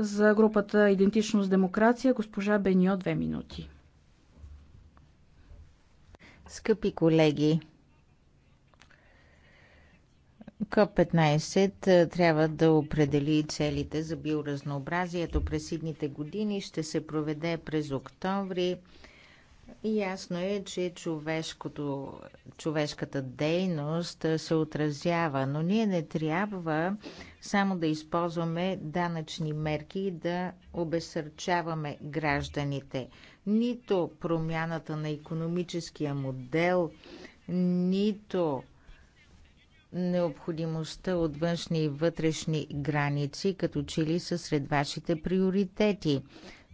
За групата Идентичност демокрация, госпожа Бенио, две минути. Скъпи колеги, КОП-15 трябва да определи целите за биоразнообразието през идните години. Ще се проведе през октомври. Ясно е, че човешкото, човешката дейност се отразява, но ние не трябва само да използваме данъчни мерки и да обесърчаваме гражданите. Нито промяната на економическия модел, нито необходимостта от външни и вътрешни граници, като че ли са сред вашите приоритети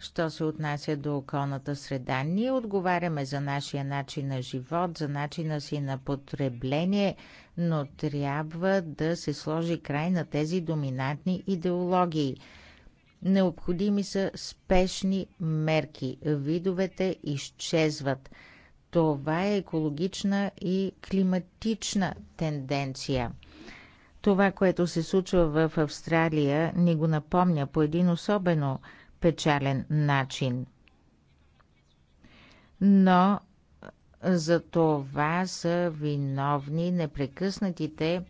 що се отнася до околната среда. Ние отговаряме за нашия начин на живот, за начина си на потребление, но трябва да се сложи край на тези доминантни идеологии. Необходими са спешни мерки. Видовете изчезват. Това е екологична и климатична тенденция. Това, което се случва в Австралия, ни го напомня по един особено печален начин. Но за това са виновни непрекъснатите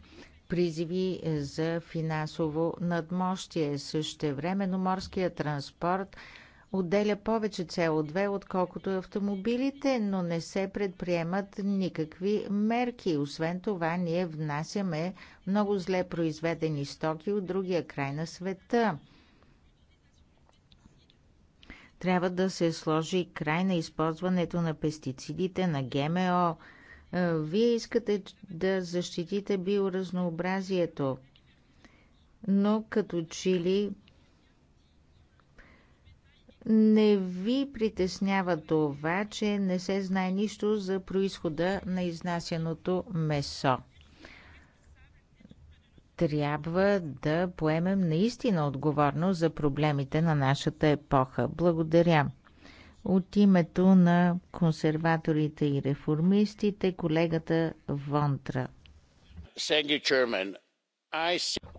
призиви за финансово надмощие. Също но морския транспорт отделя повече CO2, отколкото автомобилите, но не се предприемат никакви мерки. Освен това, ние внасяме много зле произведени стоки от другия край на света – трябва да се сложи край на използването на пестицидите, на ГМО. Е, вие искате да защитите биоразнообразието, но като чили не ви притеснява това, че не се знае нищо за происхода на изнасяното месо трябва да поемем наистина отговорност за проблемите на нашата епоха. Благодаря. От името на консерваторите и реформистите, колегата Вонтра.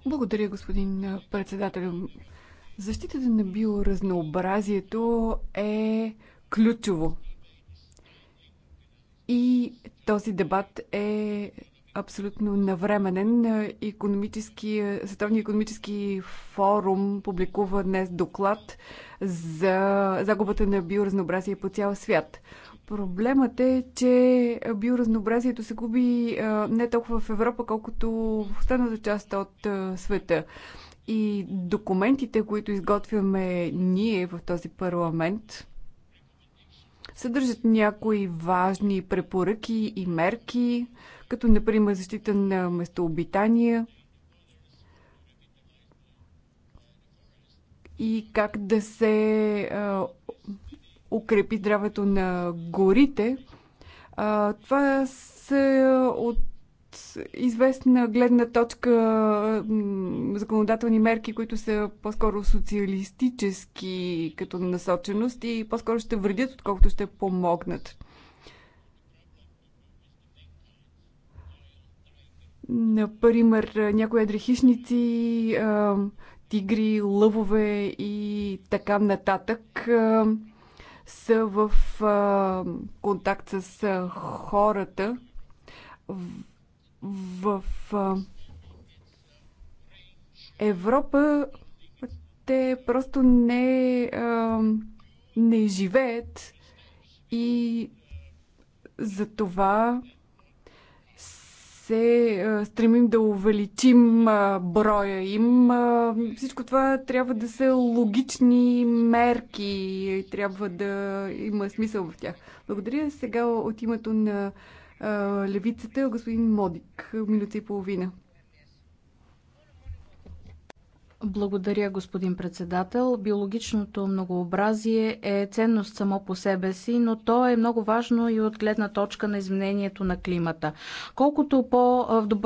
Благодаря, господин председател. Защитата на биоразнообразието е ключово. И този дебат е абсолютно навременен. Економически, Световния економически форум публикува днес доклад за загубата на биоразнообразие по цял свят. Проблемът е, че биоразнообразието се губи не толкова в Европа, колкото в останалата част от света. И документите, които изготвяме ние в този парламент, съдържат някои важни препоръки и мерки, като например защита на местообитания и как да се а, укрепи здравето на горите. А, това са от известна гледна точка законодателни мерки, които са по-скоро социалистически като насоченост и по-скоро ще вредят, отколкото ще помогнат. Например, някои адрехишници, тигри, лъвове и така нататък са в контакт с хората в Европа те просто не, не живеят и за това се стремим да увеличим броя им. Всичко това трябва да са логични мерки и трябва да има смисъл в тях. Благодаря сега от името на левицата е господин Модик. Минута и половина. Благодаря, господин председател. Биологичното многообразие е ценност само по себе си, но то е много важно и от гледна точка на изменението на климата. Колкото по,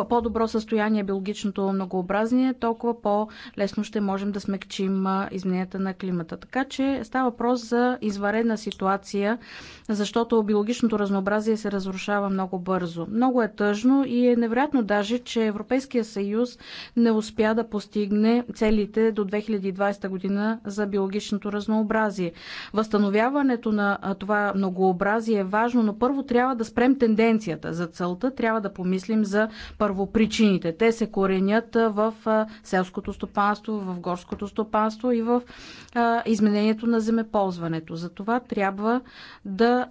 по-добро състояние е биологичното многообразие, толкова по-лесно ще можем да смекчим измененията на климата. Така че става въпрос за изваредна ситуация, защото биологичното разнообразие се разрушава много бързо. Много е тъжно и е невероятно даже, че Европейския съюз не успя да постигне цели целите до 2020 година за биологичното разнообразие. Възстановяването на това многообразие е важно, но първо трябва да спрем тенденцията. За целта трябва да помислим за първопричините. Те се коренят в селското стопанство, в горското стопанство и в изменението на земеползването. За това трябва да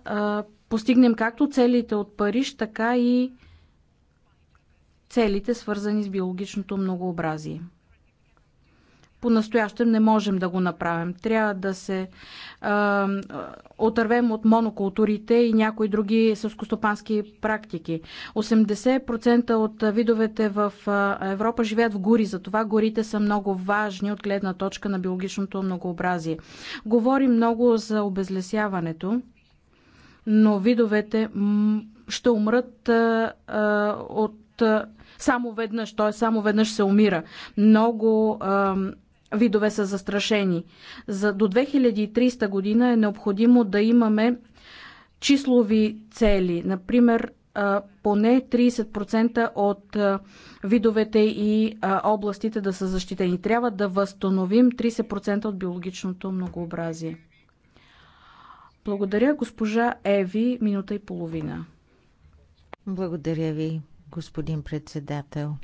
постигнем както целите от Париж, така и целите, свързани с биологичното многообразие. По-настоящем не можем да го направим. Трябва да се а, отървем от монокултурите и някои други съскостопански практики. 80% от видовете в Европа живеят в гори, затова горите са много важни от гледна точка на биологичното многообразие. Говорим много за обезлесяването, но видовете ще умрат а, а, от а, само веднъж, т.е. само веднъж се умира. Много а, видове са застрашени. За до 2300 година е необходимо да имаме числови цели. Например, поне 30% от видовете и областите да са защитени. Трябва да възстановим 30% от биологичното многообразие. Благодаря, госпожа Еви, минута и половина. Благодаря ви, господин председател.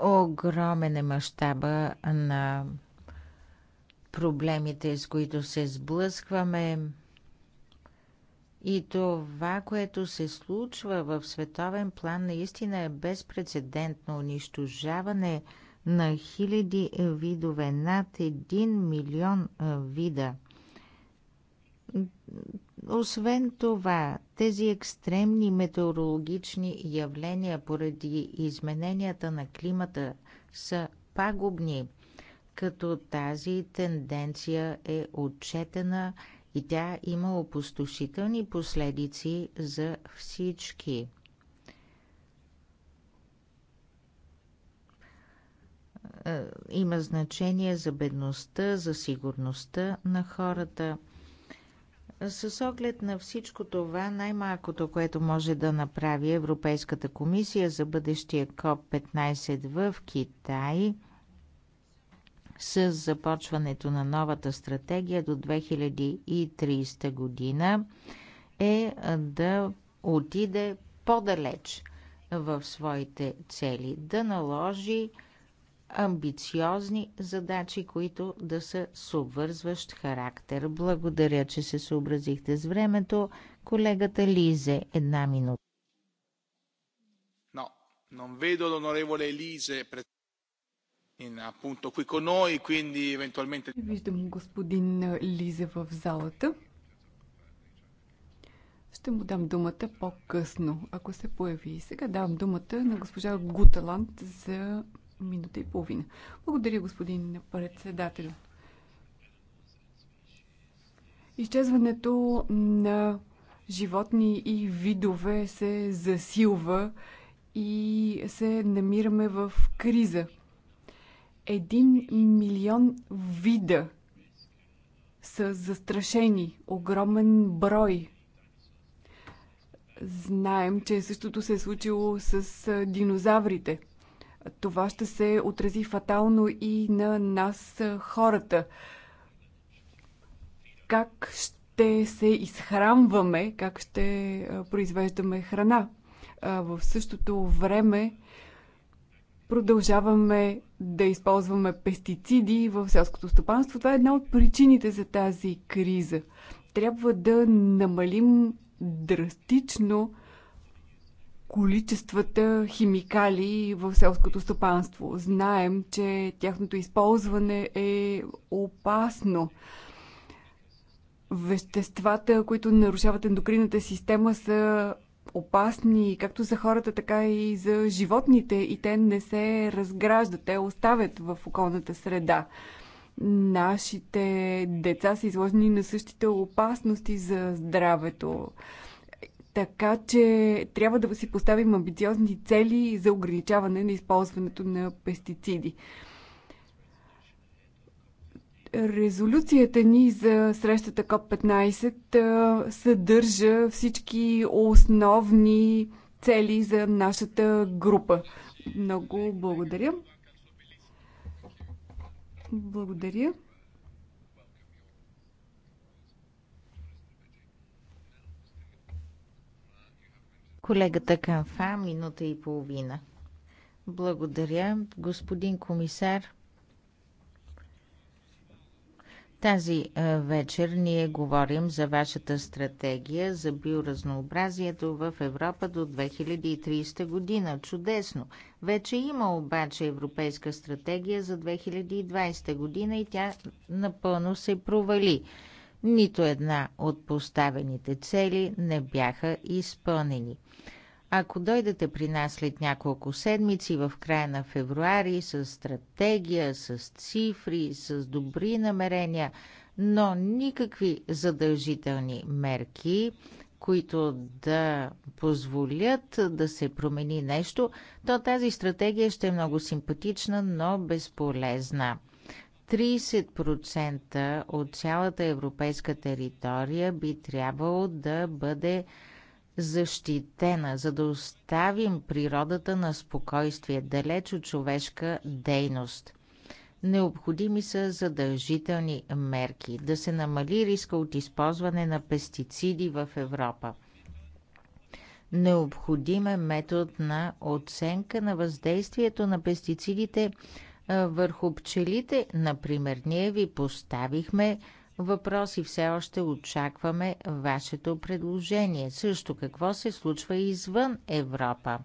Огромен е мащаба на проблемите, с които се сблъскваме. И това, което се случва в световен план, наистина е безпредседентно унищожаване на хиляди видове, над един милион вида. Освен това, тези екстремни метеорологични явления поради измененията на климата са пагубни, като тази тенденция е отчетена и тя има опустошителни последици за всички. Е, има значение за бедността, за сигурността на хората – с оглед на всичко това, най-малкото, което може да направи Европейската комисия за бъдещия КОП-15 в Китай с започването на новата стратегия до 2030 година е да отиде по-далеч в своите цели, да наложи амбициозни задачи, които да са с обвързващ характер. Благодаря, че се съобразихте с времето. Колегата Лизе, една минута. non vedo l'onorevole Elise in, appunto qui con noi, quindi eventualmente... Виждам господин Лизе в залата. Ще му дам думата по-късно, ако се появи. Сега давам думата на госпожа Гуталанд за минута и половина. Благодаря, господин председател. Изчезването на животни и видове се засилва и се намираме в криза. Един милион вида са застрашени. Огромен брой. Знаем, че същото се е случило с динозаврите. Това ще се отрази фатално и на нас, хората. Как ще се изхранваме, как ще произвеждаме храна? В същото време продължаваме да използваме пестициди в селското стопанство. Това е една от причините за тази криза. Трябва да намалим драстично количествата химикали в селското стопанство. Знаем, че тяхното използване е опасно. Веществата, които нарушават ендокринната система, са опасни както за хората, така и за животните и те не се разграждат, те оставят в околната среда. Нашите деца са изложени на същите опасности за здравето. Така че трябва да си поставим амбициозни цели за ограничаване на използването на пестициди. Резолюцията ни за срещата КОП-15 съдържа всички основни цели за нашата група. Много благодаря. Благодаря. Колегата Канфа, минута и половина. Благодаря, господин комисар. Тази вечер ние говорим за вашата стратегия за биоразнообразието в Европа до 2030 година. Чудесно! Вече има обаче Европейска стратегия за 2020 година и тя напълно се провали. Нито една от поставените цели не бяха изпълнени. Ако дойдете при нас след няколко седмици в края на февруари с стратегия, с цифри, с добри намерения, но никакви задължителни мерки, които да позволят да се промени нещо, то тази стратегия ще е много симпатична, но безполезна. 30% от цялата европейска територия би трябвало да бъде защитена, за да оставим природата на спокойствие, далеч от човешка дейност. Необходими са задължителни мерки да се намали риска от използване на пестициди в Европа. Необходим е метод на оценка на въздействието на пестицидите върху пчелите. Например, ние ви поставихме въпрос и все още очакваме вашето предложение. Също какво се случва извън Европа?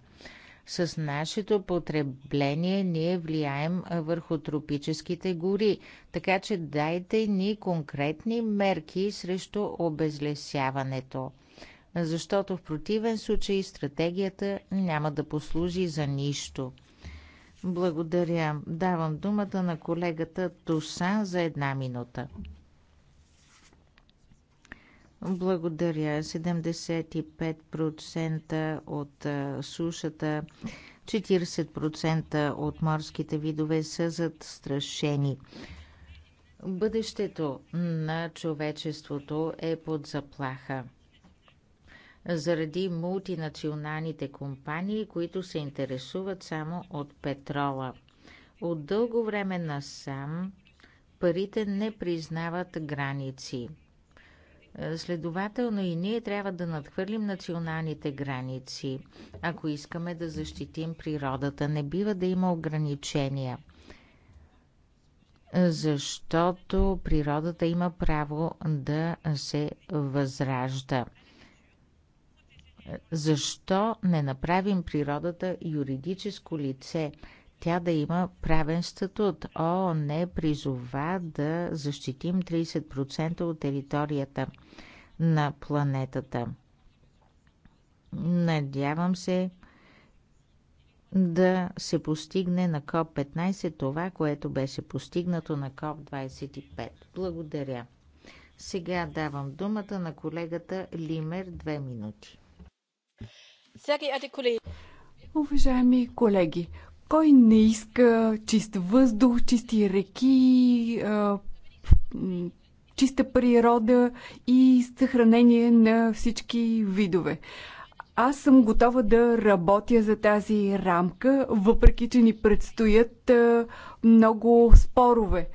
С нашето потребление ние влияем върху тропическите гори, така че дайте ни конкретни мерки срещу обезлесяването. Защото в противен случай стратегията няма да послужи за нищо. Благодаря. Давам думата на колегата Тусан за една минута. Благодаря. 75% от сушата, 40% от морските видове са застрашени. Бъдещето на човечеството е под заплаха заради мултинационалните компании, които се интересуват само от петрола. От дълго време насам парите не признават граници – Следователно и ние трябва да надхвърлим националните граници, ако искаме да защитим природата. Не бива да има ограничения, защото природата има право да се възражда. Защо не направим природата юридическо лице – тя да има правен статут. ООН призова да защитим 30% от територията на планетата. Надявам се да се постигне на КОП-15 това, което беше постигнато на КОП-25. Благодаря. Сега давам думата на колегата Лимер две минути. Уважаеми колеги, кой не иска чист въздух, чисти реки, чиста природа и съхранение на всички видове? Аз съм готова да работя за тази рамка, въпреки че ни предстоят много спорове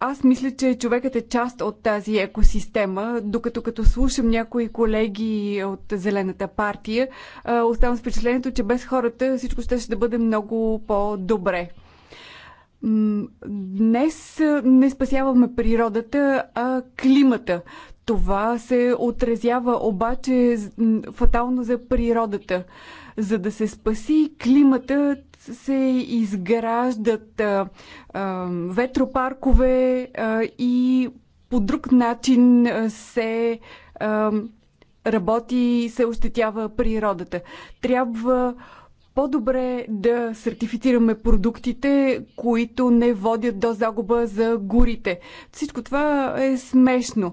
аз мисля, че човекът е част от тази екосистема, докато като слушам някои колеги от Зелената партия, оставам с впечатлението, че без хората всичко ще, ще бъде много по-добре. Днес не спасяваме природата, а климата. Това се отразява обаче фатално за природата. За да се спаси климата, се изграждат а, а, ветропаркове а, и по друг начин се а, работи и се ощетява природата. Трябва по-добре да сертифицираме продуктите, които не водят до загуба за горите. Всичко това е смешно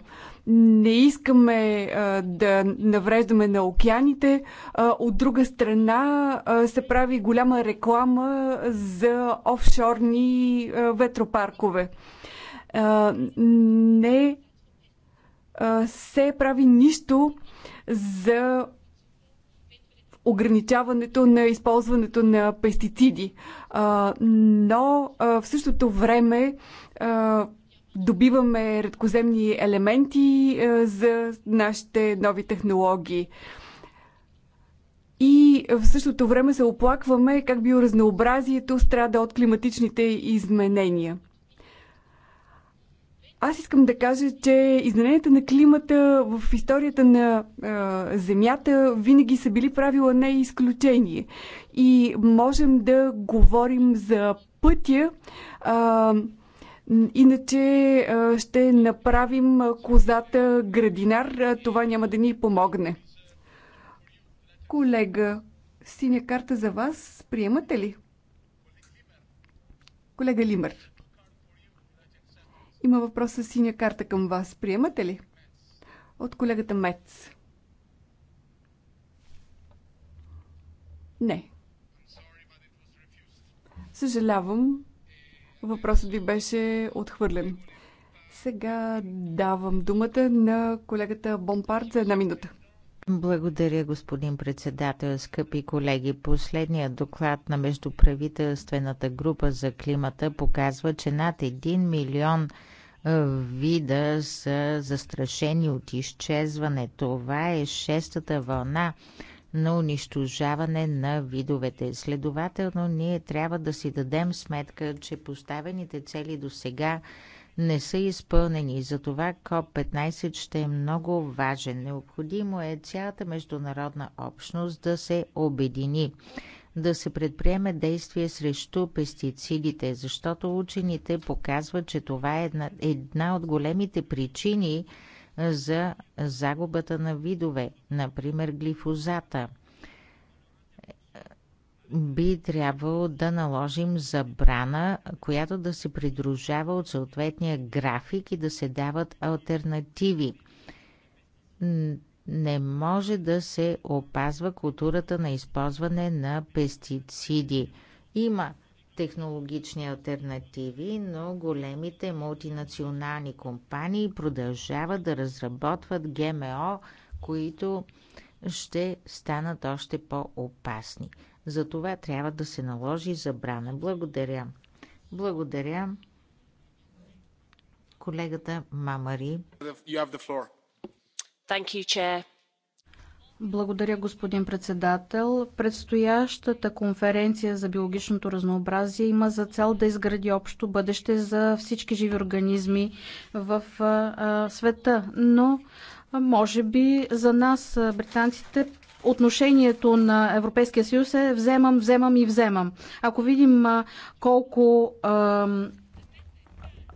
не искаме а, да навреждаме на океаните. А, от друга страна а, се прави голяма реклама за офшорни а, ветропаркове. А, не а, се прави нищо за ограничаването на използването на пестициди. А, но а, в същото време а, добиваме редкоземни елементи е, за нашите нови технологии. И в същото време се оплакваме как биоразнообразието страда от климатичните изменения. Аз искам да кажа, че измененията на климата в историята на е, Земята винаги са били правила, не изключение. И можем да говорим за пътя. Е, Иначе ще направим козата градинар. Това няма да ни помогне. Колега, синя карта за вас. Приемате ли? Колега Лимър. Има въпрос с синя карта към вас. Приемате ли? От колегата Мец. Не. Съжалявам, Въпросът ви беше отхвърлен. Сега давам думата на колегата Бомпард за една минута. Благодаря, господин председател, скъпи колеги. Последният доклад на Междуправителствената група за климата показва, че над 1 милион вида са застрашени от изчезване. Това е шестата вълна на унищожаване на видовете. Следователно, ние трябва да си дадем сметка, че поставените цели до сега не са изпълнени. Затова КОП-15 ще е много важен. Необходимо е цялата международна общност да се обедини, да се предприеме действие срещу пестицидите, защото учените показват, че това е една, една от големите причини – за загубата на видове, например глифозата. Би трябвало да наложим забрана, която да се придружава от съответния график и да се дават альтернативи не може да се опазва културата на използване на пестициди. Има технологични альтернативи, но големите мултинационални компании продължават да разработват ГМО, които ще станат още по-опасни. За това трябва да се наложи забрана. Благодаря. Благодаря. Колегата Мамари. You, благодаря, господин председател. Предстоящата конференция за биологичното разнообразие има за цел да изгради общо бъдеще за всички живи организми в света. Но, може би, за нас, британците, отношението на Европейския съюз е вземам, вземам и вземам. Ако видим колко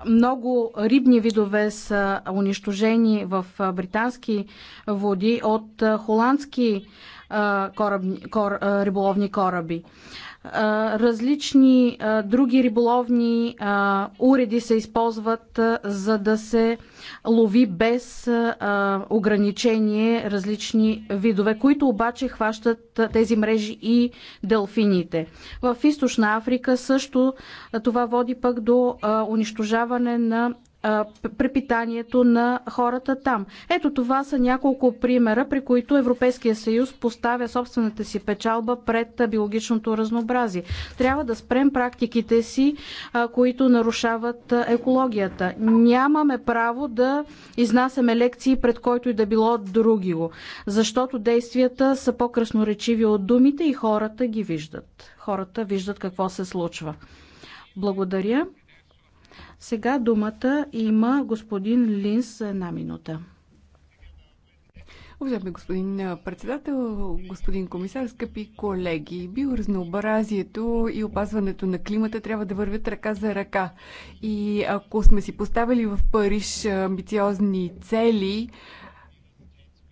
много рибни видове са унищожени в британски води от холандски кораб, кор, риболовни кораби различни други риболовни уреди се използват, за да се лови без ограничение различни видове, които обаче хващат тези мрежи и делфините. В Източна Африка също това води пък до унищожаване на препитанието на хората там. Ето това са няколко примера, при които Европейския съюз поставя собствената си печалба пред биологичното разнообразие. Трябва да спрем практиките си, които нарушават екологията. Нямаме право да изнасяме лекции пред който и да било го, защото действията са по-красноречиви от думите и хората ги виждат. Хората виждат какво се случва. Благодаря. Сега думата има господин Линс за една минута. Уважаеми господин председател, господин комисар, скъпи колеги, биоразнообразието и опазването на климата трябва да вървят ръка за ръка. И ако сме си поставили в Париж амбициозни цели,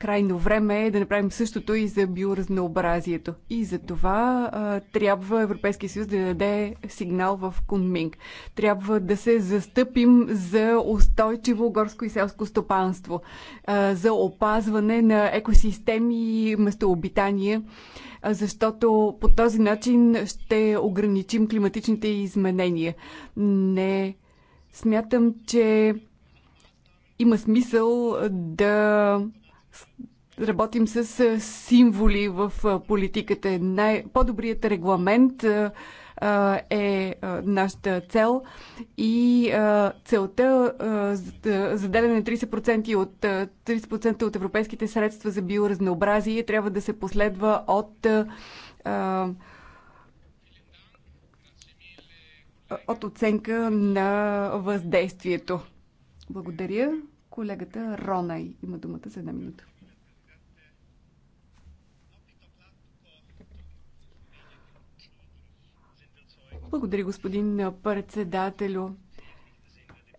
крайно време е да направим същото и за биоразнообразието. И за това а, трябва Европейския съюз да даде сигнал в Кунминг. Трябва да се застъпим за устойчиво горско и селско стопанство, а, за опазване на екосистеми и местообитания, а, защото по този начин ще ограничим климатичните изменения. Не смятам, че има смисъл да Работим с символи в политиката. Най- по-добрият регламент е нашата цел и целта заделяне на 30% от 30% от европейските средства за биоразнообразие трябва да се последва от от оценка на въздействието. Благодаря. Колегата Ронай има думата за една минута. Благодаря, господин председателю.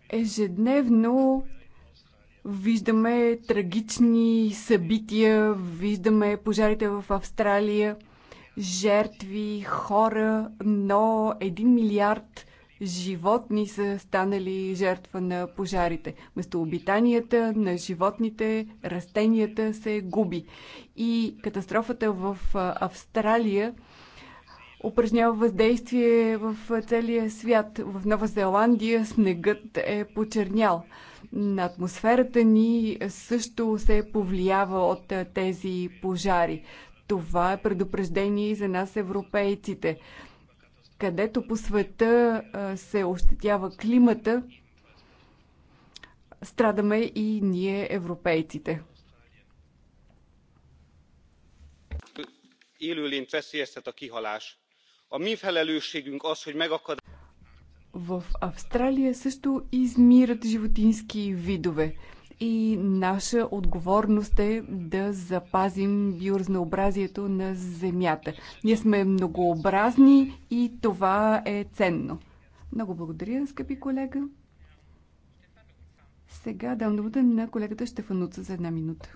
Ежедневно виждаме трагични събития, виждаме пожарите в Австралия, жертви, хора, но 1 милиард животни са станали жертва на пожарите. Местообитанията на животните, растенията се губи. И катастрофата в Австралия упражнява въздействие в целия свят. В Нова Зеландия снегът е почернял. На атмосферата ни също се повлиява от тези пожари. Това е предупреждение и за нас, европейците където по света се ощетява климата, страдаме и ние, европейците. В Австралия също измират животински видове и наша отговорност е да запазим биоразнообразието на Земята. Ние сме многообразни и това е ценно. Много благодаря, скъпи колега. Сега дам думата на колегата Штефануца за една минута.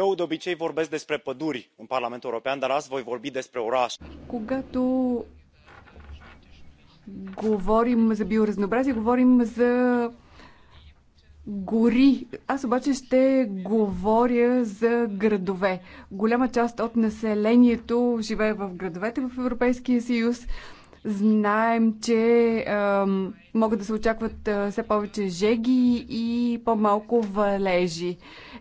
Eu de obicei vorbesc despre păduri în Parlamentul European, dar azi voi vorbi despre oraș. Когато говорим за биоразнообразие, говорим за гори. Аз обаче ще говоря за градове. Голяма част от населението живее в градовете в Европейския съюз. Знаем, че ам, могат да се очакват а, все повече жеги и по-малко валежи.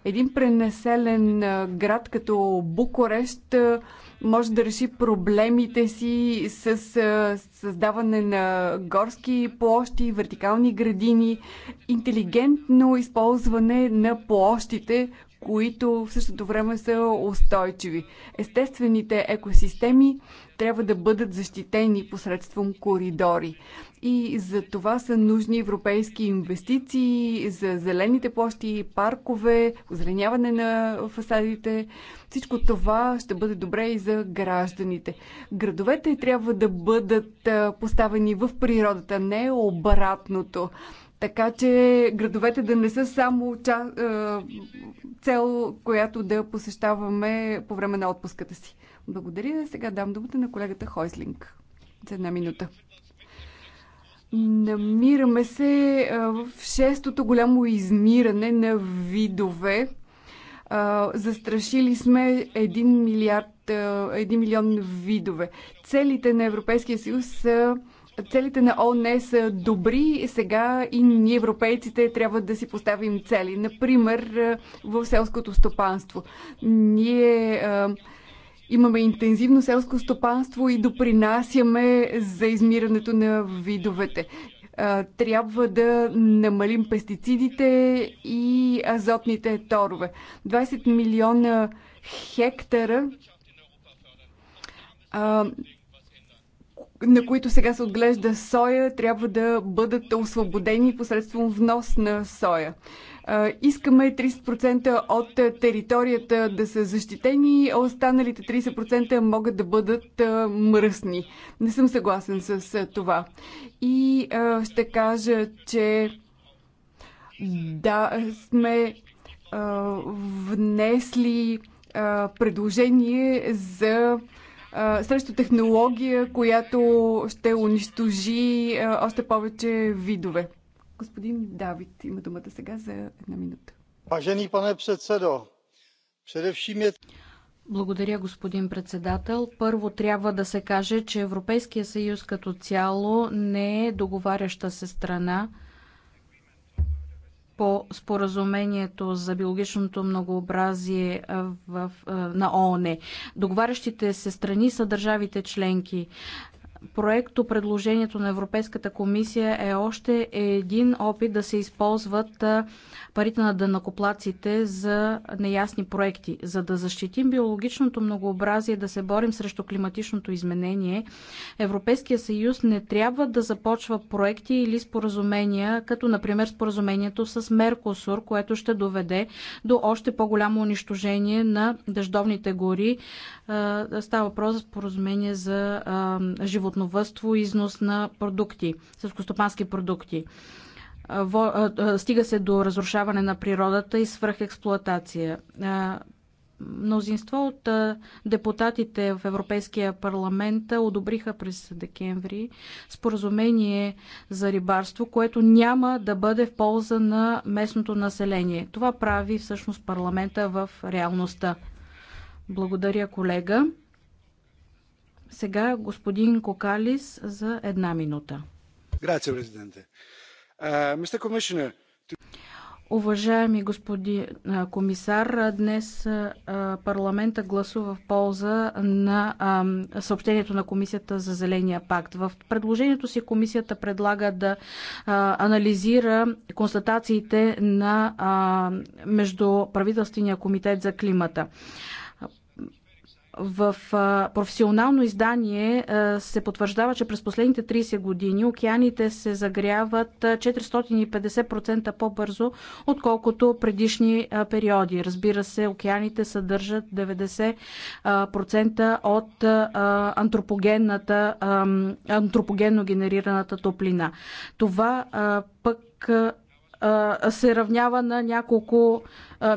Един пренаселен а, град като Букурещ а, може да реши проблемите си с а, създаване на горски площи, вертикални градини, интелигентно използване на площите, които в същото време са устойчиви. Естествените екосистеми трябва да бъдат защитени посредством коридори. И за това са нужни европейски инвестиции за зелените площи, паркове, озеленяване на фасадите. Всичко това ще бъде добре и за гражданите. Градовете трябва да бъдат поставени в природата, не обратното така че градовете да не са само ча, е, цел, която да посещаваме по време на отпуската си. Благодаря. Сега дам думата на колегата Хойслинг за една минута. Намираме се е, в шестото голямо измиране на видове. Е, застрашили сме 1 милиард, 1 милион видове. Целите на Европейския съюз са целите на ООН са добри, сега и ние европейците трябва да си поставим цели. Например, в селското стопанство. Ние имаме интензивно селско стопанство и допринасяме за измирането на видовете. трябва да намалим пестицидите и азотните торове. 20 милиона хектара на които сега се отглежда соя, трябва да бъдат освободени посредством внос на соя. Искаме 30% от територията да са защитени, а останалите 30% могат да бъдат мръсни. Не съм съгласен с това. И ще кажа, че да, сме внесли предложение за срещу технология, която ще унищожи още повече видове. Господин Давид има думата сега за една минута. Важени пане председо, především е... Благодаря, господин председател. Първо трябва да се каже, че Европейския съюз като цяло не е договаряща се страна по споразумението за биологичното многообразие в, на ООН. Договарящите се страни са държавите членки проекто предложението на Европейската комисия е още един опит да се използват парите на дънакоплаците за неясни проекти. За да защитим биологичното многообразие, да се борим срещу климатичното изменение, Европейския съюз не трябва да започва проекти или споразумения, като например споразумението с Меркосур, което ще доведе до още по-голямо унищожение на дъждовните гори. Става въпрос за споразумение за живота животновътство и износ на продукти, сълскостопански продукти. Стига се до разрушаване на природата и свръхексплоатация. Мнозинство от депутатите в Европейския парламент одобриха през декември споразумение за рибарство, което няма да бъде в полза на местното население. Това прави всъщност парламента в реалността. Благодаря, колега. Сега господин Кокалис за една минута. Грация, президенте. Мистер Комишнер, Уважаеми господин комисар, днес парламента гласува в полза на съобщението на комисията за Зеления пакт. В предложението си комисията предлага да анализира констатациите на Междуправителствения комитет за климата. В професионално издание се потвърждава, че през последните 30 години океаните се загряват 450% по-бързо, отколкото предишни периоди. Разбира се, океаните съдържат 90% от антропогенната, антропогенно генерираната топлина. Това пък се равнява на няколко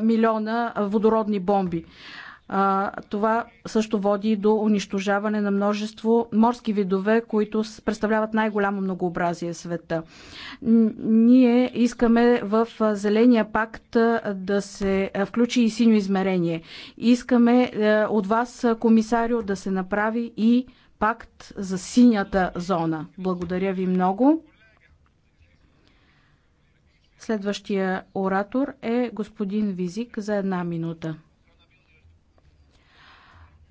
милиона водородни бомби. А, това също води до унищожаване на множество морски видове, които представляват най-голямо многообразие в света. Ние искаме в Зеления пакт да се включи и синьо измерение. Искаме от вас, комисарио, да се направи и пакт за синята зона. Благодаря ви много. Следващия оратор е господин Визик за една минута.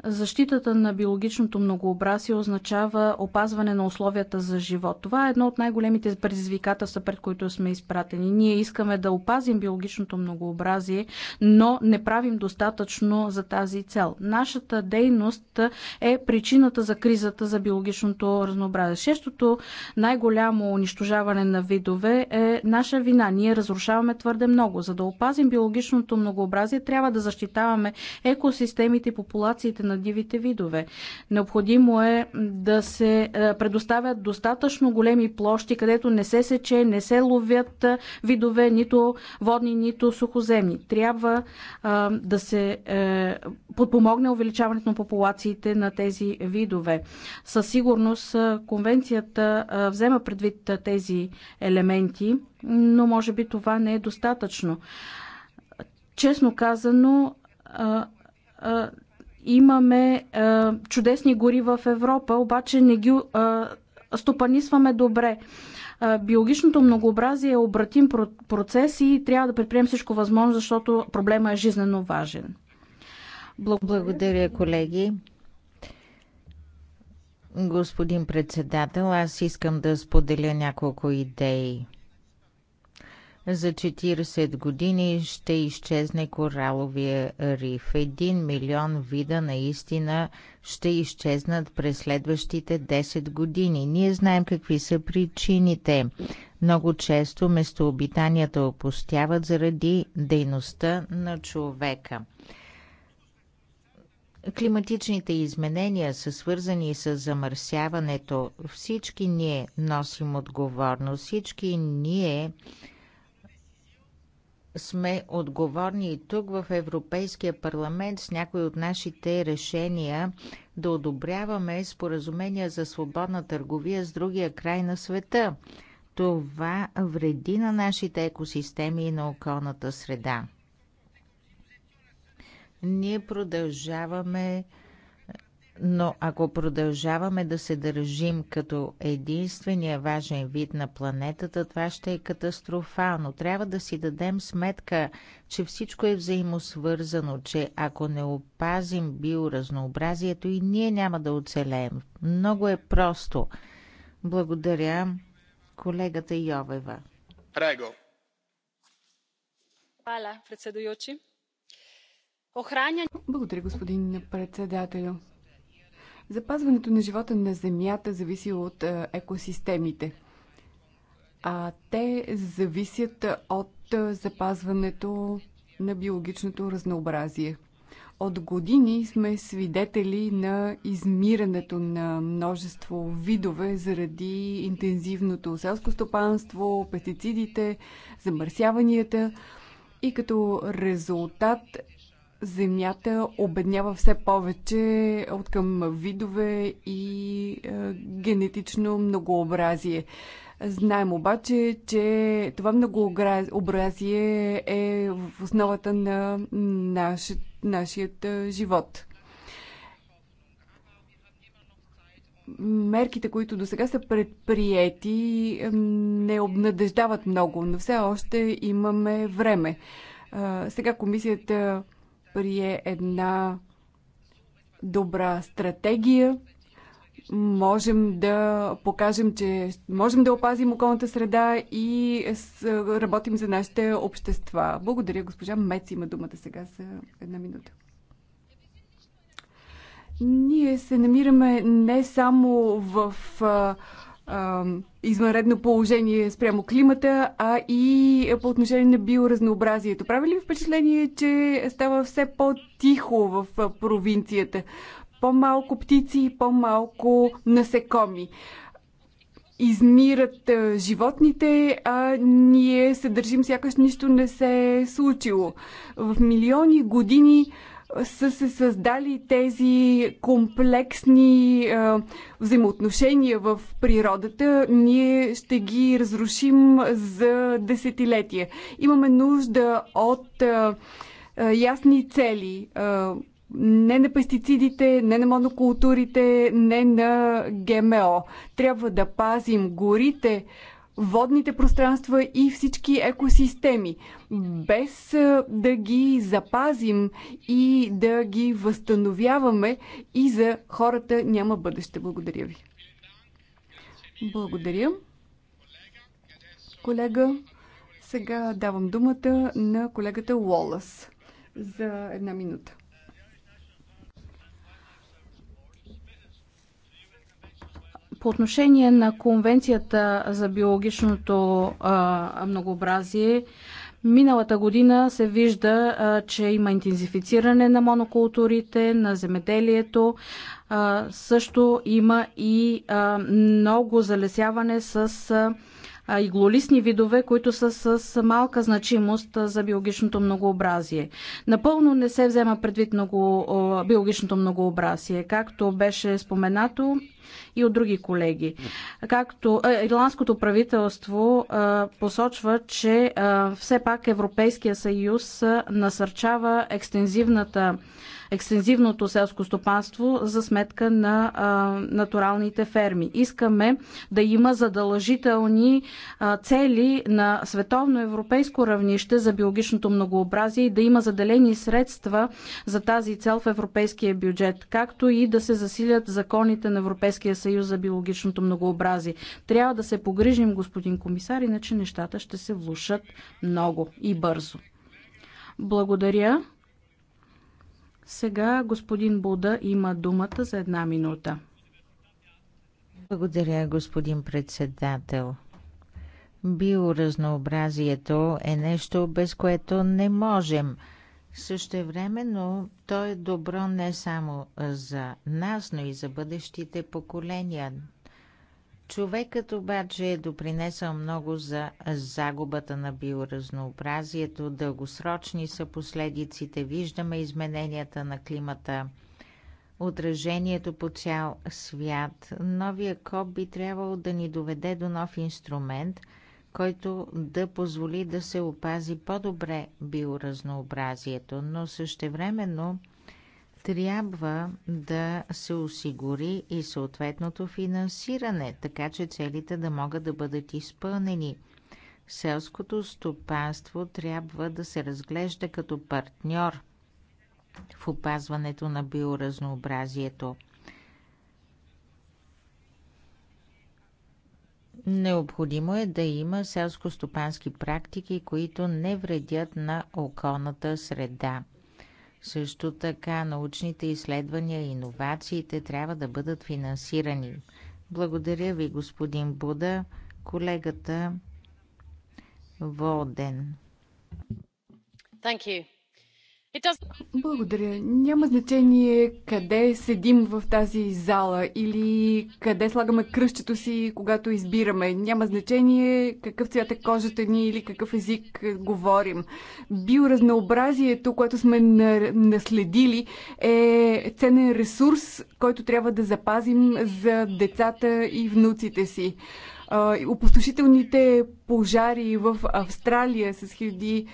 Защитата на биологичното многообразие означава опазване на условията за живот. Това е едно от най-големите предизвикателства, пред които сме изпратени. Ние искаме да опазим биологичното многообразие, но не правим достатъчно за тази цел. Нашата дейност е причината за кризата за биологичното разнообразие. Шестото най-голямо унищожаване на видове е наша вина. Ние разрушаваме твърде много. За да опазим биологичното многообразие, трябва да защитаваме екосистемите и популациите на на дивите видове. Необходимо е да се е, предоставят достатъчно големи площи, където не се сече, не се ловят е, видове, нито водни, нито сухоземни. Трябва е, да се подпомогне увеличаването на популациите на тези видове. Със сигурност конвенцията взема предвид тези елементи, но може би това не е достатъчно. Честно казано, Имаме а, е, чудесни гори в Европа, обаче не ги а, е, стопанисваме добре. А, е, биологичното многообразие е обратим процес и трябва да предприемем всичко възможно, защото проблема е жизненно важен. Благодаря, Благодаря колеги. Господин председател, аз искам да споделя няколко идеи. За 40 години ще изчезне кораловия риф. Един милион вида наистина ще изчезнат през следващите 10 години. Ние знаем какви са причините. Много често местообитанията опустяват заради дейността на човека. Климатичните изменения са свързани с замърсяването. Всички ние носим отговорност, всички ние сме отговорни и тук в Европейския парламент с някои от нашите решения да одобряваме споразумения за свободна търговия с другия край на света. Това вреди на нашите екосистеми и на околната среда. Ние продължаваме но ако продължаваме да се държим като единствения важен вид на планетата, това ще е катастрофално. Трябва да си дадем сметка, че всичко е взаимосвързано, че ако не опазим биоразнообразието и ние няма да оцелеем. Много е просто. Благодаря колегата Йовева. Рего. Благодаря, господин председател. Запазването на живота на Земята зависи от е, екосистемите. А те зависят от е, запазването на биологичното разнообразие. От години сме свидетели на измирането на множество видове заради интензивното селско стопанство, пестицидите, замърсяванията и като резултат земята обеднява все повече от към видове и е, генетично многообразие. Знаем обаче, че това многообразие е в основата на нашия, нашият е, живот. мерките, които до сега са предприети, е, не обнадеждават много, но все още имаме време. Сега комисията прие една добра стратегия. Можем да покажем, че можем да опазим околната среда и работим за нашите общества. Благодаря, госпожа Мец има думата сега за една минута. Ние се намираме не само в извънредно положение спрямо климата, а и по отношение на биоразнообразието. Прави ли ви впечатление, че става все по-тихо в провинцията? По-малко птици по-малко насекоми. Измират животните, а ние се държим сякаш нищо не се е случило. В милиони години са се създали тези комплексни а, взаимоотношения в природата, ние ще ги разрушим за десетилетия. Имаме нужда от а, а, ясни цели. А, не на пестицидите, не на монокултурите, не на ГМО. Трябва да пазим горите, водните пространства и всички екосистеми. Без е, да ги запазим и да ги възстановяваме и за хората няма бъдеще. Благодаря ви. Благодаря. Колега, сега давам думата на колегата Уолас за една минута. По отношение на Конвенцията за биологичното а, многообразие, Миналата година се вижда, а, че има интензифициране на монокултурите, на земеделието. А, също има и а, много залесяване с иглолистни видове, които са с малка значимост за биологичното многообразие. Напълно не се взема предвид много, биологичното многообразие, както беше споменато и от други колеги. Както е, ирландското правителство е, посочва, че е, все пак Европейския съюз насърчава екстензивната екстензивното селско стопанство за сметка на натуралните ферми. Искаме да има задължителни цели на световно европейско равнище за биологичното многообразие и да има заделени средства за тази цел в европейския бюджет, както и да се засилят законите на Европейския съюз за биологичното многообразие. Трябва да се погрижим, господин комисар, иначе нещата ще се влушат много и бързо. Благодаря. Сега господин Буда има думата за една минута. Благодаря, господин председател. Биоразнообразието е нещо, без което не можем. Също но то е добро не само за нас, но и за бъдещите поколения. Човекът обаче е допринесъл много за загубата на биоразнообразието, дългосрочни са последиците, виждаме измененията на климата, отражението по цял свят. Новия КОП би трябвало да ни доведе до нов инструмент, който да позволи да се опази по-добре биоразнообразието, но същевременно времено трябва да се осигури и съответното финансиране, така че целите да могат да бъдат изпълнени. Селското стопанство трябва да се разглежда като партньор в опазването на биоразнообразието. Необходимо е да има селско-стопански практики, които не вредят на околната среда. Също така научните изследвания и иновациите трябва да бъдат финансирани. Благодаря ви, господин Буда, колегата Волден. Thank you. Благодаря. Няма значение къде седим в тази зала или къде слагаме кръщето си, когато избираме. Няма значение какъв цвят е кожата ни или какъв език говорим. Биоразнообразието, което сме наследили, е ценен ресурс, който трябва да запазим за децата и внуците си. Опустошителните пожари в Австралия с хиляди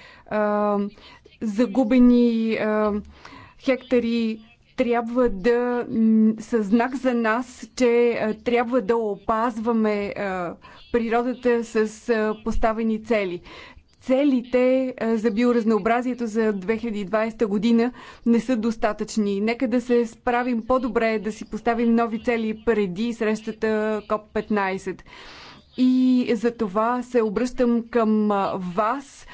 загубени а, хектари трябва да са знак за нас, че трябва да опазваме природата с поставени цели. Целите за биоразнообразието за 2020 година не са достатъчни. Нека да се справим по-добре, да си поставим нови цели преди срещата КОП-15 и за това се обръщам към вас,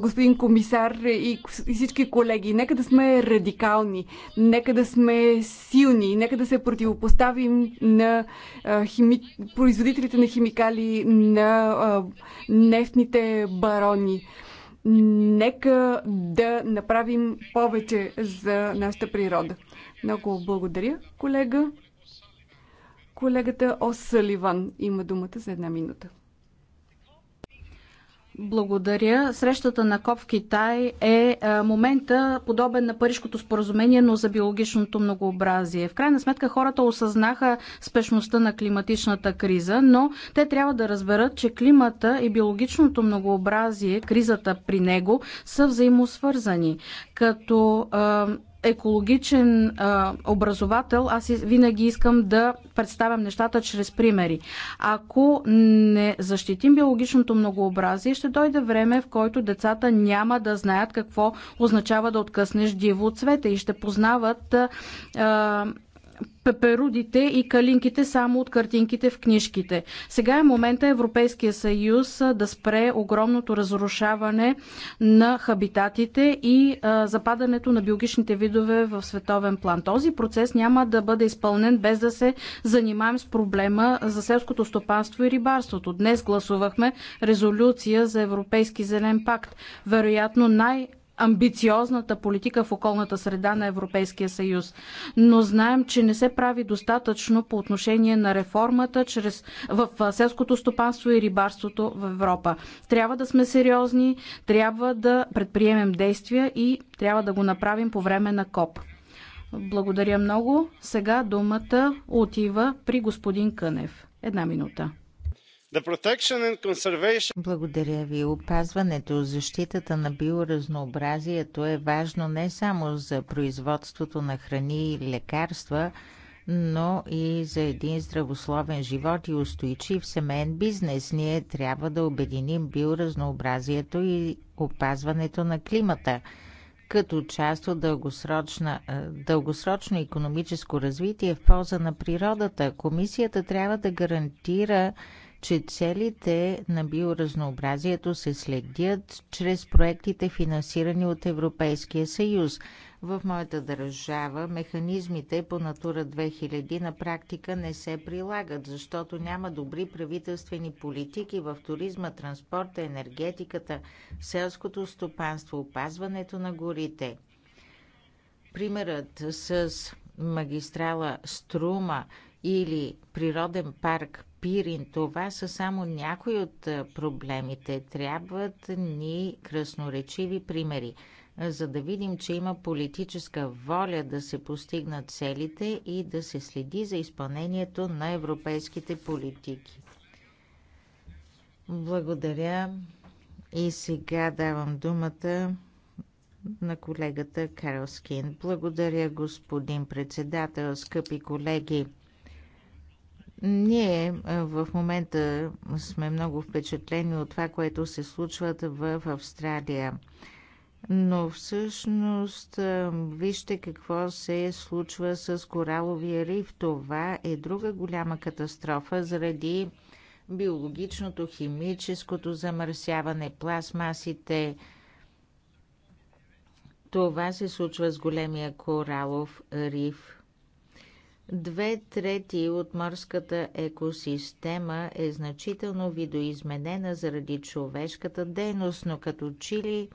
господин комисар и всички колеги. Нека да сме радикални, нека да сме силни, нека да се противопоставим на хими... производителите на химикали, на нефтните барони. Нека да направим повече за нашата природа. Много благодаря, колега. Колегата Осъливан има думата за една минута. Благодаря. Срещата на КОП в Китай е, е момента подобен на Парижкото споразумение, но за биологичното многообразие. В крайна сметка хората осъзнаха спешността на климатичната криза, но те трябва да разберат, че климата и биологичното многообразие, кризата при него, са взаимосвързани. Като е, екологичен а, образовател, аз винаги искам да представям нещата чрез примери. Ако не защитим биологичното многообразие, ще дойде време, в който децата няма да знаят какво означава да откъснеш диво от цвете и ще познават а, пеперудите и калинките само от картинките в книжките. Сега е момента Европейския съюз да спре огромното разрушаване на хабитатите и а, западането на биологичните видове в световен план. Този процес няма да бъде изпълнен без да се занимаем с проблема за селското стопанство и рибарството. Днес гласувахме резолюция за Европейски зелен пакт. Вероятно най- амбициозната политика в околната среда на Европейския съюз. Но знаем, че не се прави достатъчно по отношение на реформата чрез, в селското стопанство и рибарството в Европа. Трябва да сме сериозни, трябва да предприемем действия и трябва да го направим по време на КОП. Благодаря много. Сега думата отива при господин Кънев. Една минута. Благодаря ви. Опазването, защитата на биоразнообразието е важно не само за производството на храни и лекарства, но и за един здравословен живот и устойчив семейен бизнес. Ние трябва да обединим биоразнообразието и опазването на климата като част от дългосрочно економическо развитие в полза на природата. Комисията трябва да гарантира че целите на биоразнообразието се следят чрез проектите финансирани от Европейския съюз. В моята държава механизмите по Натура 2000 на практика не се прилагат, защото няма добри правителствени политики в туризма, транспорта, енергетиката, селското стопанство, опазването на горите. Примерът с магистрала Струма или природен парк Пирин. Това са само някои от проблемите. Трябват ни красноречиви примери, за да видим, че има политическа воля да се постигнат целите и да се следи за изпълнението на европейските политики. Благодаря. И сега давам думата на колегата Карлскин. Благодаря, господин председател, скъпи колеги. Ние в момента сме много впечатлени от това, което се случва в Австралия. Но всъщност вижте какво се случва с кораловия риф. Това е друга голяма катастрофа заради биологичното, химическото замърсяване, пластмасите. Това се случва с големия коралов риф. Две трети от морската екосистема е значително видоизменена заради човешката дейност, но като чили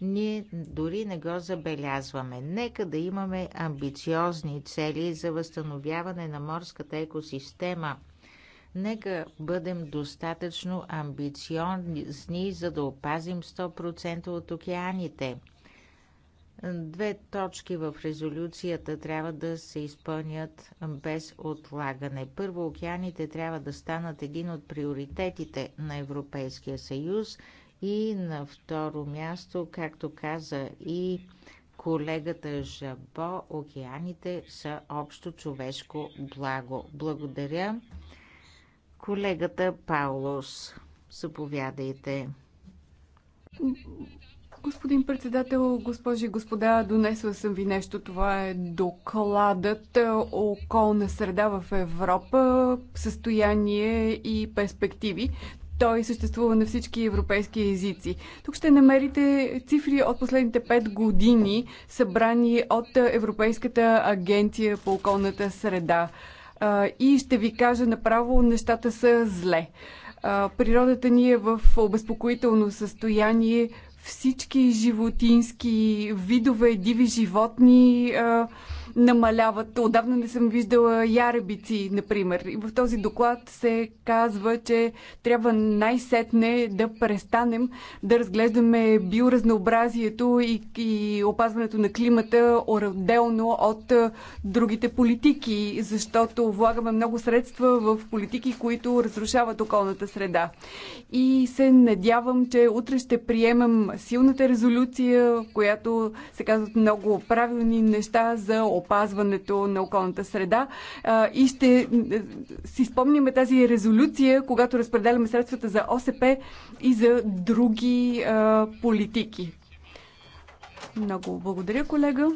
ние дори не го забелязваме. Нека да имаме амбициозни цели за възстановяване на морската екосистема. Нека бъдем достатъчно амбициозни, за да опазим 100% от океаните – Две точки в резолюцията трябва да се изпълнят без отлагане. Първо, океаните трябва да станат един от приоритетите на Европейския съюз и на второ място, както каза и колегата Жабо, океаните са общо човешко благо. Благодаря. Колегата Паулос, заповядайте. Господин председател, госпожи и господа, донесла съм ви нещо. Това е докладът е, околна среда в Европа, състояние и перспективи. Той съществува на всички европейски езици. Тук ще намерите цифри от последните 5 години, събрани от Европейската агенция по околната среда. И ще ви кажа направо, нещата са зле. Природата ни е в обезпокоително състояние всички животински видове, диви животни. А, намаляват. Отдавна не съм виждала ярабици, например. И в този доклад се казва, че трябва най-сетне да престанем да разглеждаме биоразнообразието и, и опазването на климата отделно от другите политики, защото влагаме много средства в политики, които разрушават околната среда. И се надявам, че утре ще приемем силната резолюция, която се казват много правилни неща за опазването на околната среда. И ще си спомним тази резолюция, когато разпределяме средствата за ОСП и за други политики. Много благодаря, колега.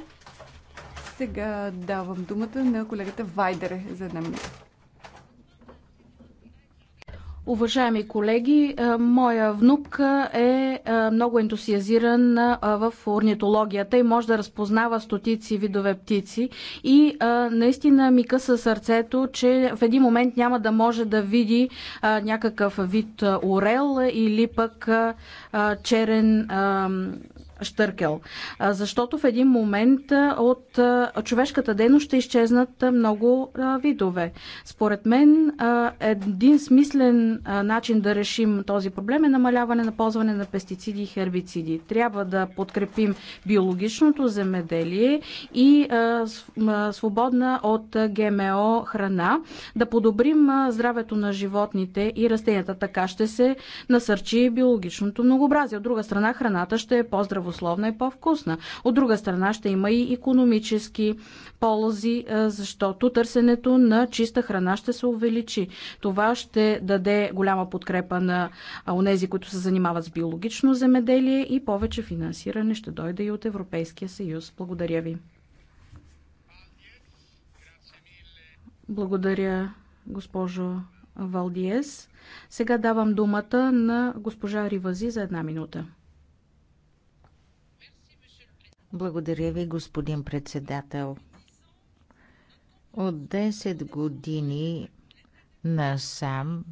Сега давам думата на колегата Вайдере за една минута. Уважаеми колеги, е, моя внук е, е много ентусиазиран е, в орнитологията и може да разпознава стотици видове птици. И наистина ми къса сърцето, че в един момент няма да може да види някакъв вид орел или пък черен Штъркел. Защото в един момент от човешката дейност ще изчезнат много видове. Според мен един смислен начин да решим този проблем е намаляване на ползване на пестициди и хербициди. Трябва да подкрепим биологичното земеделие и свободна от ГМО храна, да подобрим здравето на животните и растенията. Така ще се насърчи биологичното многообразие. От друга страна, храната ще е по здраво здравословна и по-вкусна. От друга страна ще има и економически ползи, е, защото търсенето на чиста храна ще се увеличи. Това ще даде голяма подкрепа на е, онези, които се занимават с биологично земеделие и повече финансиране ще дойде и от Европейския съюз. Благодаря ви. Благодаря, госпожо Валдиес. Сега давам думата на госпожа Ривази за една минута. Благодаря ви, господин председател. От 10 години насам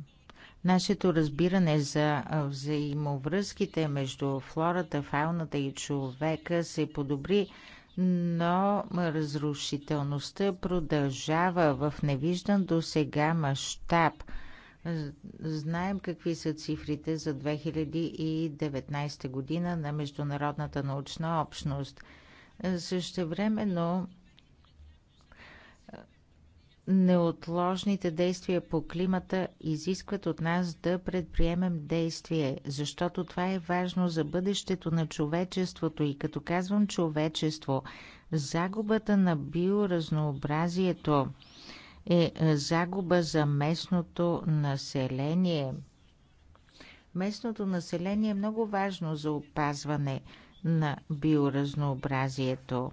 нашето разбиране за взаимовръзките между флората, фауната и човека се подобри, но разрушителността продължава в невиждан до сега мащаб – Знаем какви са цифрите за 2019 година на Международната научна общност. но е, неотложните действия по климата изискват от нас да предприемем действие, защото това е важно за бъдещето на човечеството и като казвам човечество, загубата на биоразнообразието – е, е загуба за местното население. Местното население е много важно за опазване на биоразнообразието,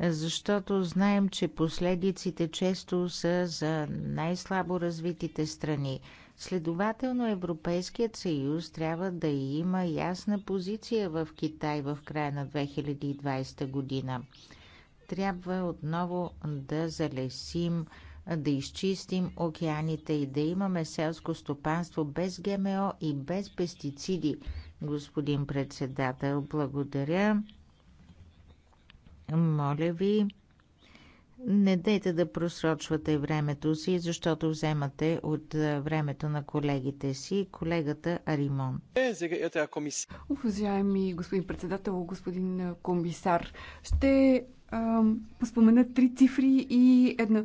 защото знаем, че последиците често са за най-слабо развитите страни. Следователно Европейският съюз трябва да има ясна позиция в Китай в края на 2020 година. Трябва отново да залесим да изчистим океаните и да имаме селско стопанство без ГМО и без пестициди. Господин председател, благодаря. Моля ви, не дайте да просрочвате времето си, защото вземате от времето на колегите си, колегата Аримон. Уважаеми господин председател, господин комисар, ще а, спомена три цифри и една.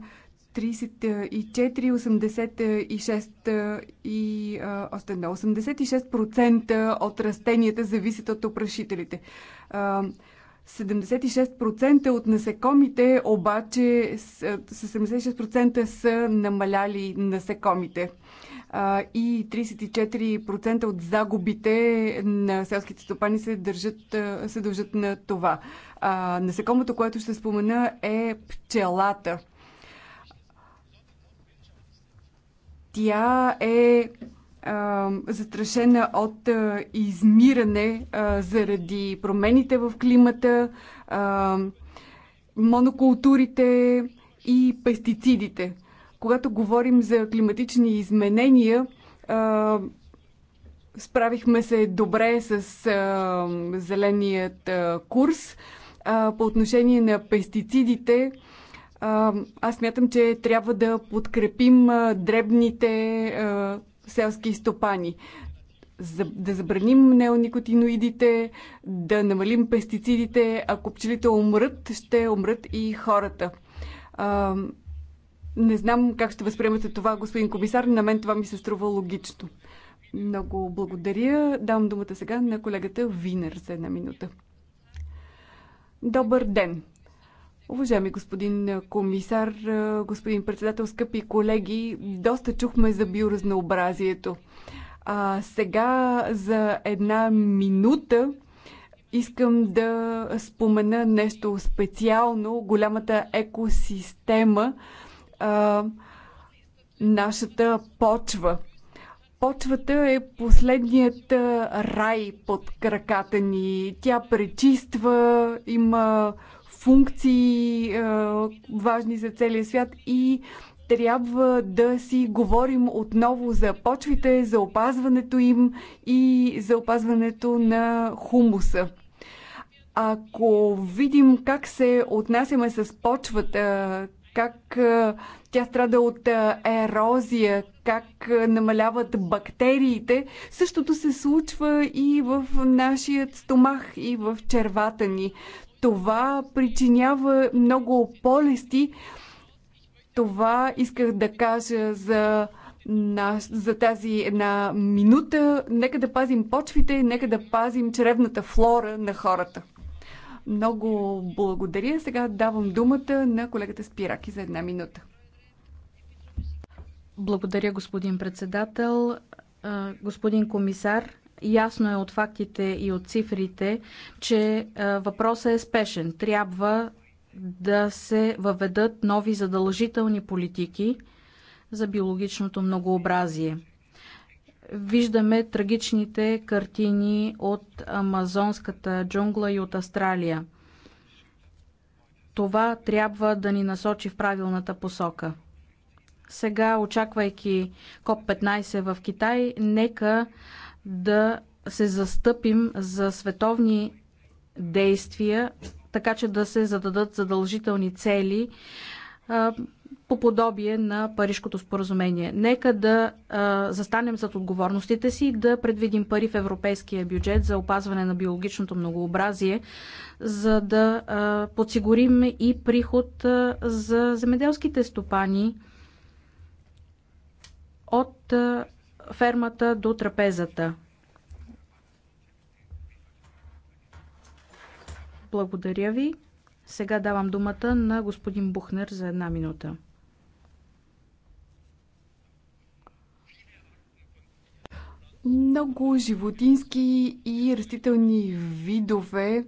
34,86 и 86% от растенията зависят от опрашителите. 76% от насекомите обаче с 76% са намаляли насекомите и 34% от загубите на селските стопани се, държат, се дължат на това. насекомото, което ще спомена е пчелата. Тя е застрашена от измиране заради промените в климата, монокултурите и пестицидите. Когато говорим за климатични изменения, справихме се добре с зеленият курс. По отношение на пестицидите, аз мятам, че трябва да подкрепим дребните селски стопани. Да забраним неоникотиноидите, да намалим пестицидите. Ако пчелите умрат, ще умрат и хората. Не знам как ще възприемете това, господин комисар. На мен това ми се струва логично. Много благодаря. Давам думата сега на колегата Винер за една минута. Добър ден! Уважаеми господин комисар, е, господин председател, скъпи колеги, доста чухме за биоразнообразието. А сега за една минута искам да спомена нещо специално. Голямата екосистема, а, нашата почва. Почвата е последният рай под краката ни. Тя пречиства, има функции, важни за целия свят и трябва да си говорим отново за почвите, за опазването им и за опазването на хумуса. Ако видим как се отнасяме с почвата, как тя страда от ерозия, как намаляват бактериите. Същото се случва и в нашия стомах, и в червата ни. Това причинява много полести. Това исках да кажа за, на, за тази една минута. Нека да пазим почвите, нека да пазим чревната флора на хората. Много благодаря. Сега давам думата на колегата Спираки за една минута. Благодаря, господин председател. Господин комисар, Ясно е от фактите и от цифрите, че въпросът е спешен. Трябва да се въведат нови задължителни политики за биологичното многообразие. Виждаме трагичните картини от амазонската джунгла и от Австралия. Това трябва да ни насочи в правилната посока. Сега, очаквайки КОП-15 в Китай, нека да се застъпим за световни действия, така че да се зададат задължителни цели по подобие на Парижкото споразумение. Нека да а, застанем зад отговорностите си да предвидим пари в европейския бюджет за опазване на биологичното многообразие, за да а, подсигурим и приход а, за земеделските стопани от а, фермата до трапезата. Благодаря ви. Сега давам думата на господин Бухнер за една минута. Много животински и растителни видове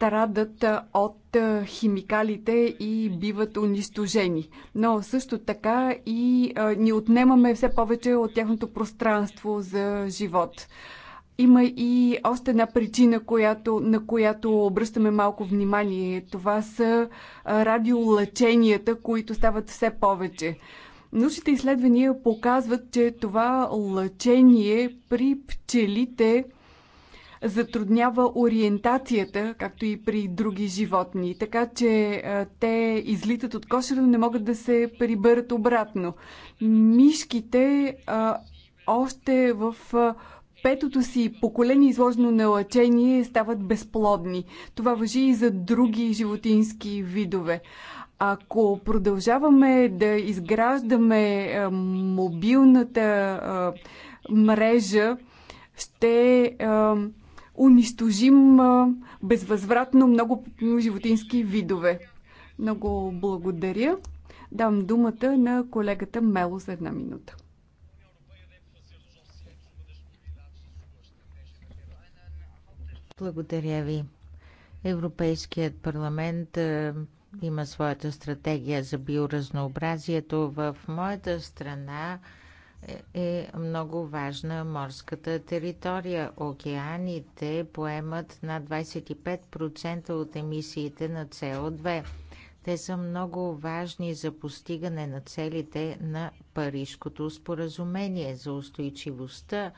страдат от химикалите и биват унищожени. Но също така и ни отнемаме все повече от тяхното пространство за живот. Има и още една причина, която, на която обръщаме малко внимание. Това са радиолъченията, които стават все повече. Научните изследвания показват, че това лъчение при пчелите – затруднява ориентацията, както и при други животни. Така че те излитат от кошера, но не могат да се прибърат обратно. Мишките а, още в петото си поколение изложено на лъчение стават безплодни. Това въжи и за други животински видове. Ако продължаваме да изграждаме мобилната мрежа, ще унищожим безвъзвратно много животински видове. Много благодаря. Дам думата на колегата Мело за една минута. Благодаря ви. Европейският парламент има своята стратегия за биоразнообразието. В моята страна е много важна морската територия. Океаните поемат над 25% от емисиите на СО2. Те са много важни за постигане на целите на Парижкото споразумение за устойчивостта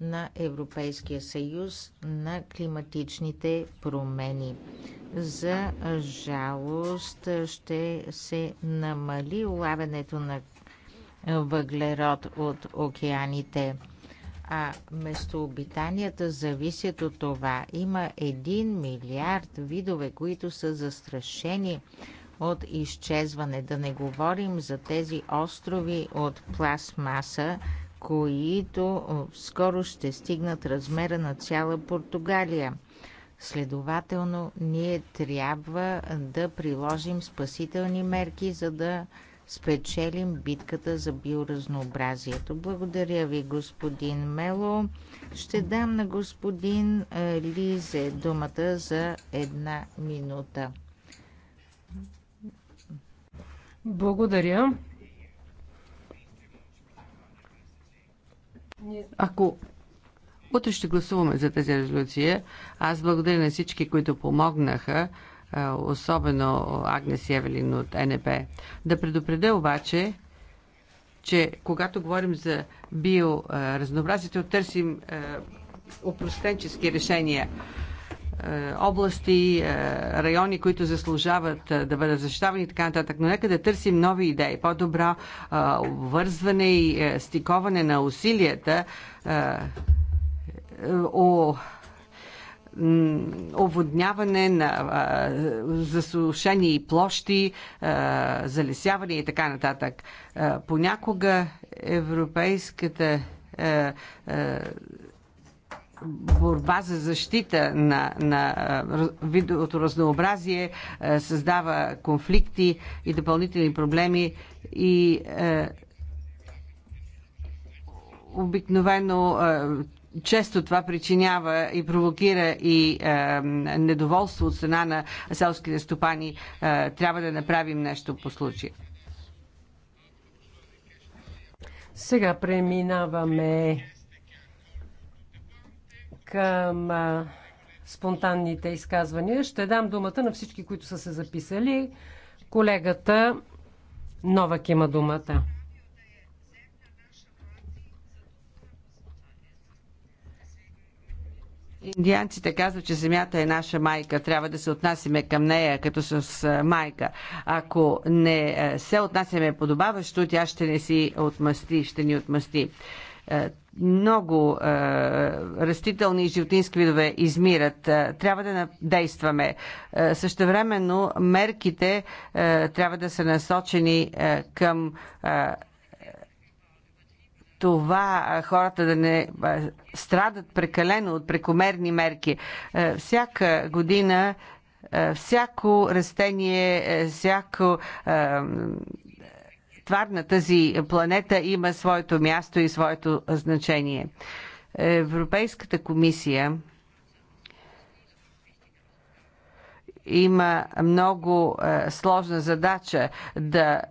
на Европейския съюз на климатичните промени. За жалост ще се намали улавянето на въглерод от океаните. А местообитанията зависят от това. Има 1 милиард видове, които са застрашени от изчезване. Да не говорим за тези острови от пластмаса, които скоро ще стигнат размера на цяла Португалия. Следователно, ние трябва да приложим спасителни мерки, за да спечелим битката за биоразнообразието. Благодаря ви, господин Мело. Ще дам на господин е, Лизе думата за една минута. Благодаря. Ако утре ще гласуваме за тази резолюция, аз благодаря на всички, които помогнаха особено Агнес Евелин от НП. Да предупредя обаче, че когато говорим за биоразнообразието, търсим опростенчески решения области, райони, които заслужават да бъдат защитавани и така нататък. Но нека да търсим нови идеи, по-добра вързване и стиковане на усилията о оводняване на засушени площи, залесяване и така нататък. Понякога европейската борба за защита на, на видовото разнообразие създава конфликти и допълнителни проблеми и обикновено често това причинява и провокира и е, недоволство от страна на селските стопани. Е, трябва да направим нещо по случая. Сега преминаваме към а, е, спонтанните изказвания. Ще дам думата на всички, които са се записали. Колегата Новак има думата. Индианците казват, че земята е наша майка, трябва да се отнасяме към нея като с майка. Ако не се отнасяме подобаващо, тя ще не си отмъсти, ще ни отмъсти много растителни и животински видове измират. трябва да действаме. Също същевременно мерките трябва да са насочени към това хората да не страдат прекалено от прекомерни мерки. Е, всяка година, е, всяко растение, е, всяко твар на тази планета има своето място и своето значение. Европейската комисия има много сложна задача да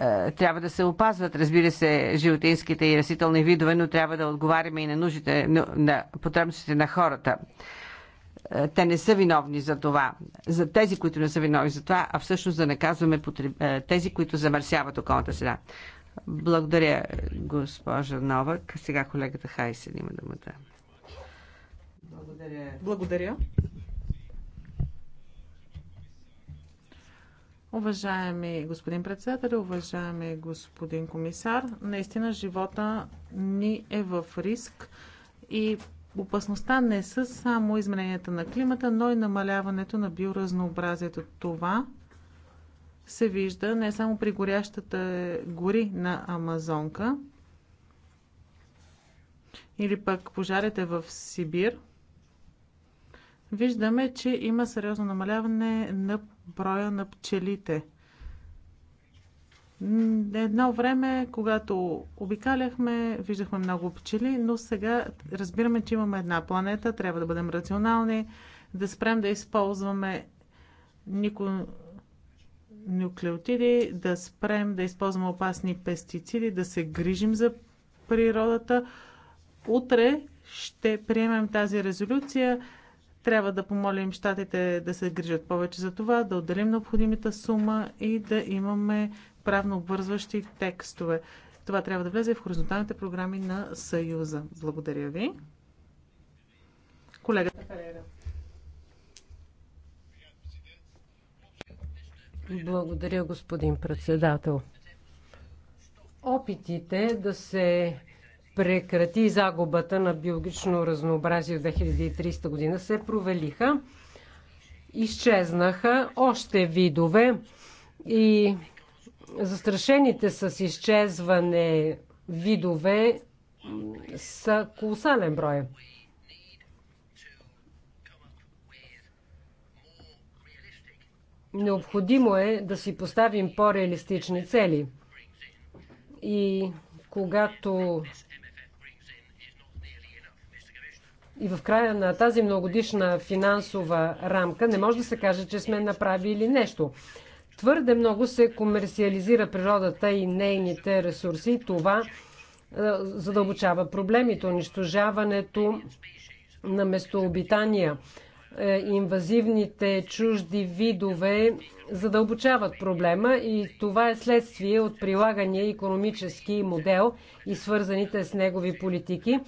е, трябва да се опазват, разбира се, животинските и растителни видове, но трябва да отговаряме и на нуждите, на потребностите на хората. Е, те не са виновни за това. За тези, които не са виновни за това, а всъщност да наказваме потреб... Е, тези, които замърсяват околната среда. Благодаря, госпожа Новак. Сега колегата Хайсен има думата. Благодаря. Благодаря. Уважаеми господин председател, уважаеми господин комисар, наистина живота ни е в риск и опасността не са само измененията на климата, но и намаляването на биоразнообразието. Това се вижда не само при горящата гори на Амазонка или пък пожарите в Сибир – виждаме, че има сериозно намаляване на броя на пчелите. Едно време, когато обикаляхме, виждахме много пчели, но сега разбираме, че имаме една планета, трябва да бъдем рационални, да спрем да използваме нико... нуклеотиди, да спрем да използваме опасни пестициди, да се грижим за природата. Утре ще приемем тази резолюция трябва да помолим щатите да се грижат повече за това, да отделим необходимата сума и да имаме правно обвързващи текстове. Това трябва да влезе в хоризонталните програми на Съюза. Благодаря ви. Колегата Ферера. Благодаря, господин председател. Опитите да се прекрати загубата на биологично разнообразие в 2300 година, се провелиха, изчезнаха още видове и застрашените с изчезване видове са колосален брой. Необходимо е да си поставим по-реалистични цели. И когато и в края на тази многодишна финансова рамка не може да се каже, че сме направили нещо. Твърде много се комерциализира природата и нейните ресурси. Това е, задълбочава проблемите, унищожаването на местообитания, е, инвазивните чужди видове задълбочават проблема и това е следствие от прилагания економически модел и свързаните с негови политики.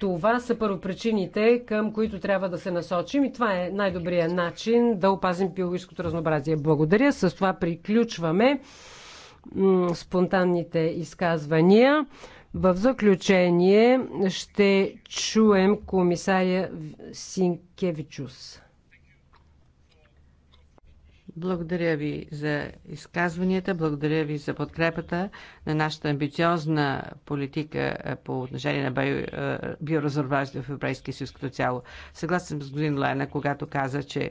Това са първопричините, към които трябва да се насочим и това е най-добрият начин да опазим биологическото разнообразие. Благодаря. С това приключваме спонтанните изказвания. В заключение ще чуем комисаря Синкевичус. Благодаря ви за изказванията, благодаря ви за подкрепата на нашата амбициозна политика по отношение на биоразорваждане в Европейския съюз като цяло. Съгласен с господин Лена, когато каза, че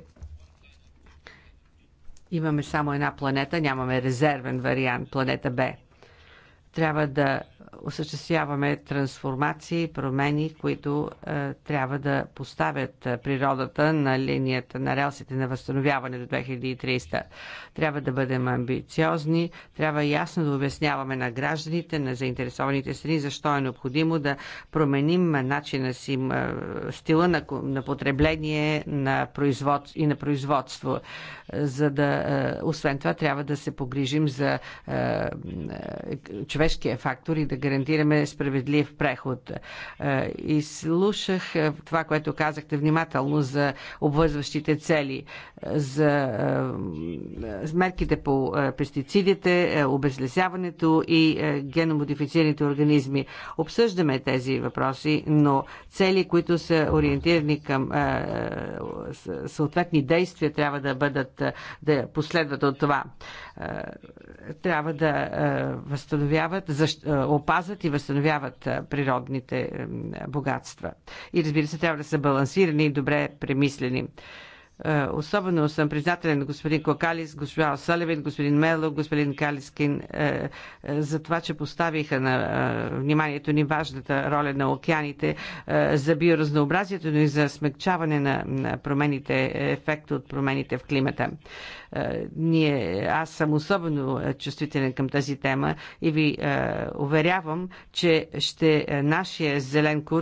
имаме само една планета, нямаме резервен вариант, планета Б трябва да осъществяваме трансформации, промени, които е, трябва да поставят е, природата на линията на релсите на възстановяване до 2300. Трябва да бъдем амбициозни, трябва ясно да обясняваме на гражданите, на заинтересованите страни, защо е необходимо да променим начина си, е, стила на, на потребление на производ, и на производство. За да, е, освен това, трябва да се погрижим за е, е, човешкия фактор и да гарантираме справедлив преход. Е, и слушах е, това, което казахте внимателно за обвързващите цели, е, за мерките по пестицидите, обезлесяването и геномодифицираните организми. Обсъждаме тези въпроси, но цели, които са ориентирани към съответни действия, трябва да бъдат, да последват от това. Е, трябва да е, възстановяват, е, опазват и възстановяват природните богатства. И разбира се, трябва да са балансирани и добре премислени. Е, особено съм признателен на господин Кокалис, госпожа Салевин, господин Мело, господин Калискин е, е, за това, че поставиха на вниманието ни важната роля на океаните за биоразнообразието, но и за смягчаване на промените, ефекта от промените в климата. Ние, аз съм особено чувствителен към тази тема и ви уверявам, че ще нашия зелен курс